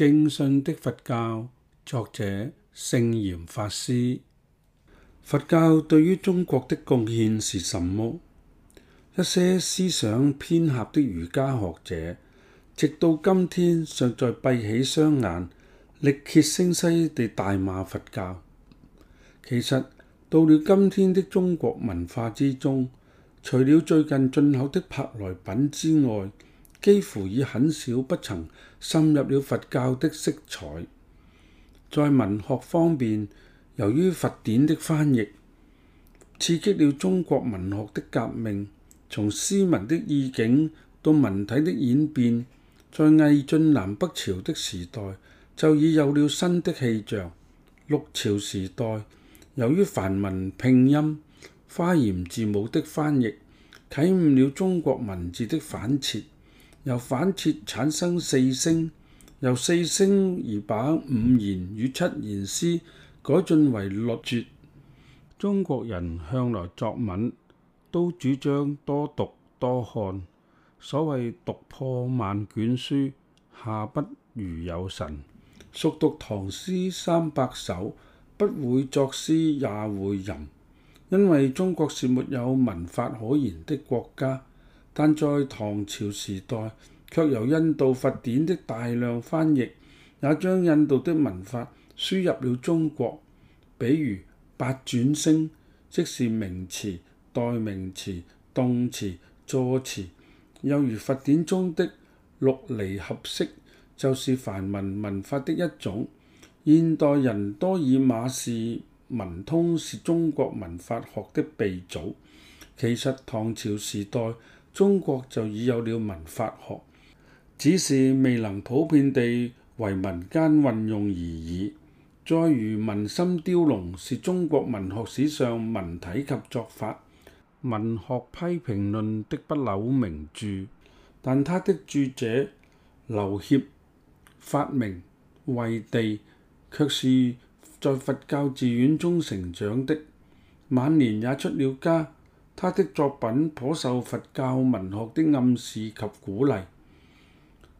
正信的佛教，作者聖嚴法師。佛教對於中國的貢獻是什麼？一些思想偏狹的儒家學者，直到今天尚在閉起雙眼，力竭聲嘶地大罵佛教。其實到了今天的中國文化之中，除了最近進口的舶來品之外，幾乎已很少不曾滲入了佛教的色彩。在文學方面，由於佛典的翻譯，刺激了中國文學的革命，從詩文的意境到文體的演變，在魏晉南北朝的時代就已有了新的氣象。六朝時代，由於梵文拼音、華嚴字母的翻譯，啟悟了中國文字的反切。由反切產生四聲，由四聲而把五言與七言詩改進為律絕。中國人向來作文都主張多讀多看，所謂讀破萬卷書，下筆如有神。熟讀唐詩三百首，不會作詩也會吟。因為中國是沒有文法可言的國家。但在唐朝時代，卻由印度佛典的大量翻譯，也將印度的文化輸入了中國。比如八轉聲，即是名詞、代名詞、動詞、助詞。又如佛典中的六離合式，就是梵文文法的一種。現代人多以馬氏文通是中國文法學的鼻祖，其實唐朝時代。中國就已有了文法學，只是未能普遍地為民間運用而已。再如《文心雕龍》，是中國文學史上文體及作法、文學批評論的不朽名著，但它的著者劉勰發明慧地，卻是在佛教寺院中成長的，晚年也出了家。他的作品頗受佛教文學的暗示及鼓勵。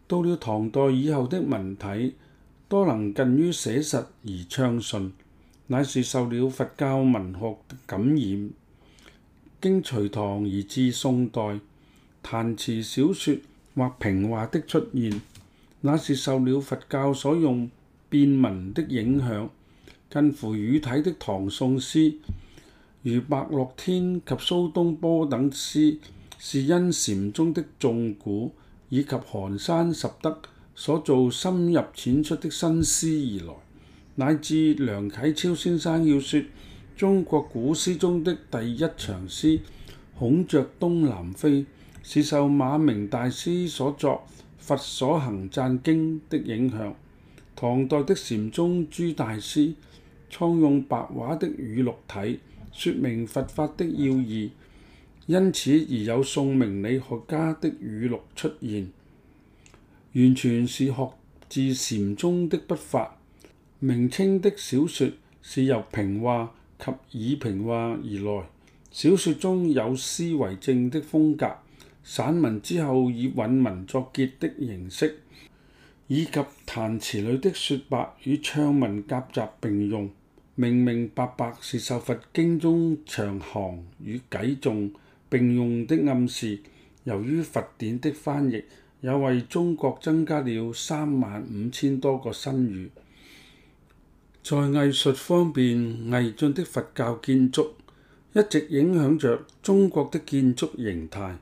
到了唐代以後的文體，多能近於寫實而暢順，乃是受了佛教文學的感染。經隋唐而至宋代，彈詞小說或平話的出現，那是受了佛教所用變文的影響，近乎語體的唐宋詩。如白樂天及蘇東坡等詩，是因禪宗的眾古以及寒山拾得所做深入淺出的新詩而來，乃至梁啟超先生要說中國古詩中的第一長詩孔雀東南飛是受馬明大師所作《佛所行讚經》的影響，唐代的禪宗朱大師創用白話的語錄體，説明佛法的要義，因此而有宋明理學家的語錄出現，完全是學自禪宗的筆法。明清的小說是由平話及以平話而來，小說中有詩為證的風格，散文之後以韻文作結的形式，以及彈詞裏的説白與唱文夾雜並用。明明白白是受佛經中長行與偈頌並用的暗示。由於佛典的翻譯，也為中國增加了三萬五千多個新語。在藝術方面，魏晉的佛教建築一直影響着中國的建築形態。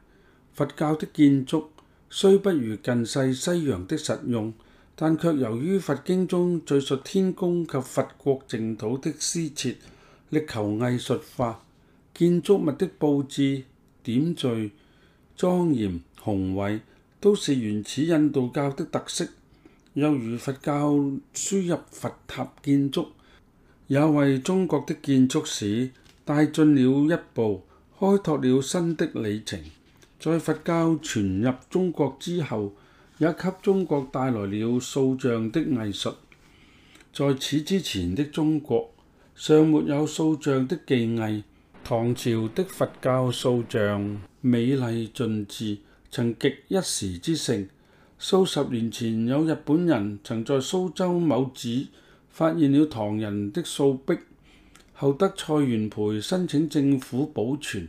佛教的建築雖不如近世西洋的實用。但卻由於佛經中敘述天宮及佛國淨土的施設，力求藝術化，建築物的佈置、點綴、莊嚴宏偉都是原始印度教的特色，又如佛教輸入佛塔建築，也為中國的建築史帶進了一步，開拓了新的里程。在佛教傳入中國之後。也給中國帶來了塑像的藝術。在此之前的中國尚沒有塑像的技藝。唐朝的佛教塑像美麗盡致，曾極一時之盛。數十年前有日本人曾在蘇州某寺發現了唐人的塑壁，後得蔡元培申請政府保存。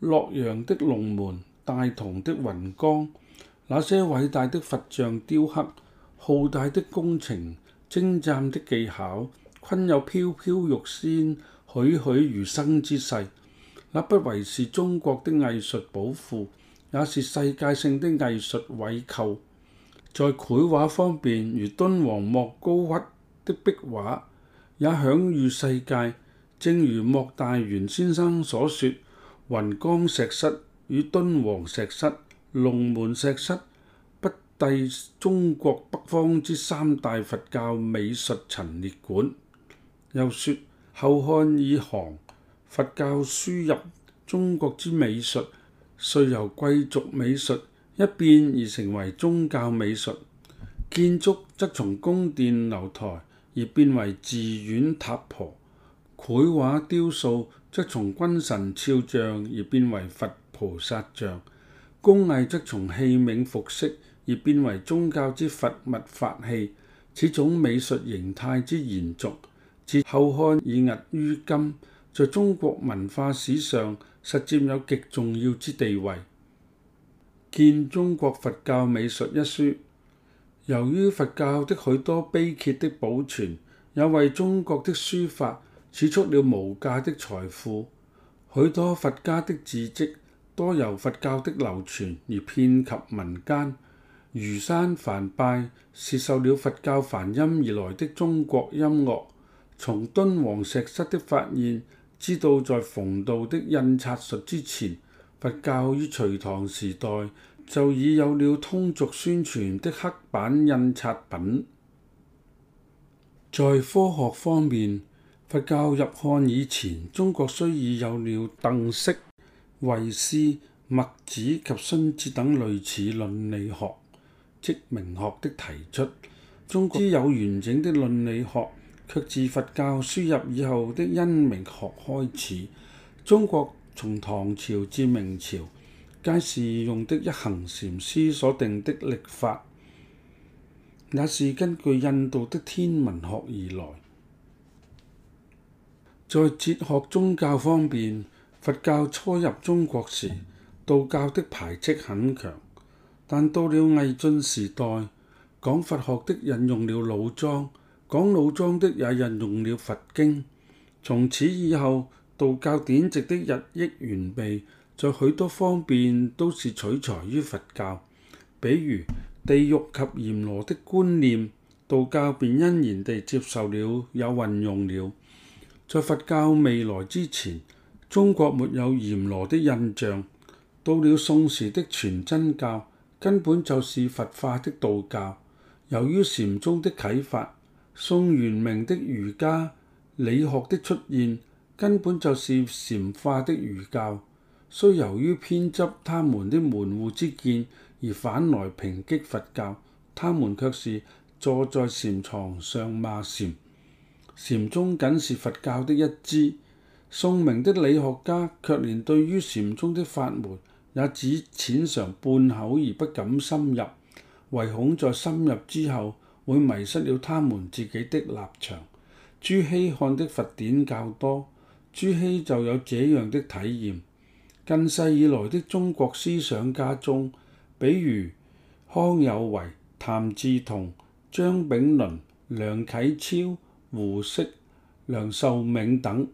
洛陽的龍門、大同的雲岡。那些偉大的佛像雕刻、浩大的工程、精湛的技巧，均有飄飄欲仙、栩栩如生之勢。那不唯是中國的藝術寶庫，也是世界性的藝術偉構。在繪畫方面，如敦煌莫高窟的壁畫也享譽世界。正如莫大元先生所說，雲岡石室與敦煌石室。龍門石室不啻中國北方之三大佛教美術陳列館。又說，後漢以降，佛教輸入中國之美術，遂由貴族美術一變而成為宗教美術。建築則從宮殿樓台而變為寺院塔婆，繪畫雕塑則從君臣肖像而變為佛菩薩像。工藝則從器皿服飾而變為宗教之佛物法器，此種美術形態之延續，至後漢以壓於今，在中國文化史上實佔有極重要之地位。《見中國佛教美術》一書，由於佛教的許多碑碣的保存，也為中國的書法儲蓄了無價的財富，許多佛家的字跡。多由佛教的流傳而遍及民間。如山梵拜是受了佛教梵音而來的中國音樂。從敦煌石室的發現，知道在馮道的印刷術之前，佛教於隋唐時代就已有了通俗宣傳的黑板印刷品。在科學方面，佛教入漢以前，中國雖已有了鄧式。惠施、墨子及荀子等類似論理學、即名學的提出，中國之有完整的論理學，卻自佛教輸入以後的因明學開始。中國從唐朝至明朝，皆是用的一行禪師所定的曆法，那是根據印度的天文學而來。在哲學宗教方面。佛教初入中國時，道教的排斥很強，但到了魏晉時代，講佛學的引用了《老莊》，講《老莊》的也引用了佛經。從此以後，道教典籍的日益完備，在許多方面都是取材於佛教，比如地獄及閻羅的觀念，道教便欣然地接受了，也運用了。在佛教未來之前，中國沒有閻羅的印象，到了宋時的全真教，根本就是佛化的道教。由於禪宗的啟發，宋元明的儒家理學的出現，根本就是禪化的儒教。雖由於偏執他們的門戶之見而反來抨擊佛教，他們卻是坐在禪床上罵禪。禪宗僅是佛教的一支。宋明的理學家卻連對於禪宗的法門也只淺嘗半口而不敢深入，唯恐在深入之後會迷失了他們自己的立場。朱熹看的佛典較多，朱熹就有這樣的體驗。近世以來的中國思想家中，比如康有為、譚嗣同、章炳麟、梁啟超、胡適、梁漱溟等。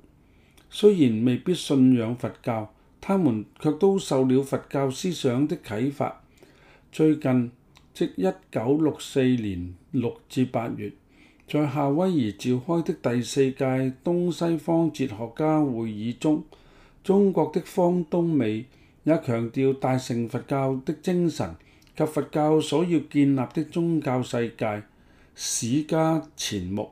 雖然未必信仰佛教，他們卻都受了佛教思想的啟發。最近，即一九六四年六至八月，在夏威夷召開的第四屆東西方哲學家會議中，中國的方東美也強調大乘佛教的精神及佛教所要建立的宗教世界。史家錢穆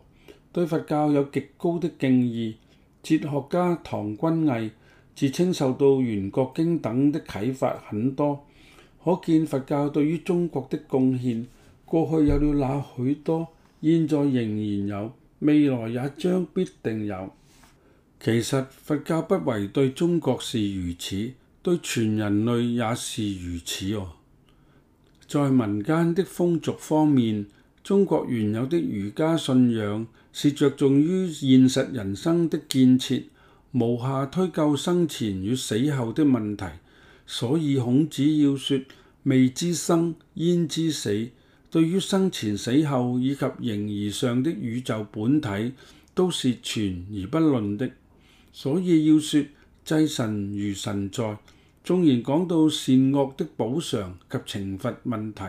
對佛教有極高的敬意。哲學家唐君毅自稱受到圓覺經等的啟發很多，可見佛教對於中國的貢獻，過去有了那許多，現在仍然有，未來也將必定有。其實佛教不唯對中國是如此，對全人類也是如此哦。在民間的風俗方面。中國原有的儒家信仰是着重於現實人生的建設，無暇推究生前與死後的問題，所以孔子要說未知生焉知死，對於生前死後以及形而上的宇宙本體都是存而不論的。所以要說祭神如神在，縱然講到善惡的補償及懲罰問題。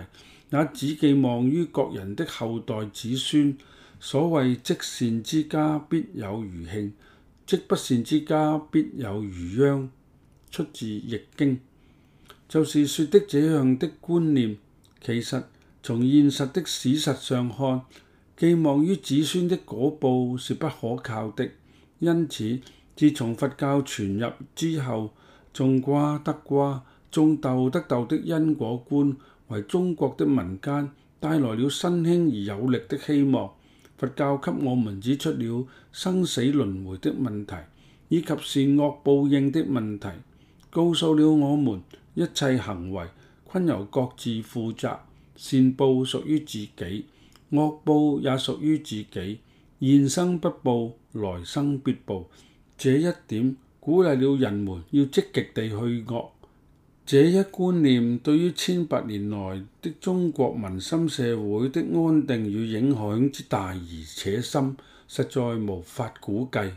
也只寄望於各人的後代子孫。所謂積善之家必有餘慶，積不善之家必有餘殃，出自《易經》，就是說的這樣的觀念。其實從現實的事實上看，寄望於子孫的果報是不可靠的。因此，自從佛教傳入之後，種瓜得瓜，種豆得豆的因果觀。為中國的民間帶來了新興而有力的希望。佛教給我們指出了生死輪迴的問題，以及善惡報應的問題，告訴了我們一切行為均由各自負責，善報屬於自己，惡報也屬於自己。現生不報，來生必報。這一點鼓勵了人們要積極地去惡。這一觀念對於千百年來的中國民心社會的安定與影響之大而且深，實在無法估計。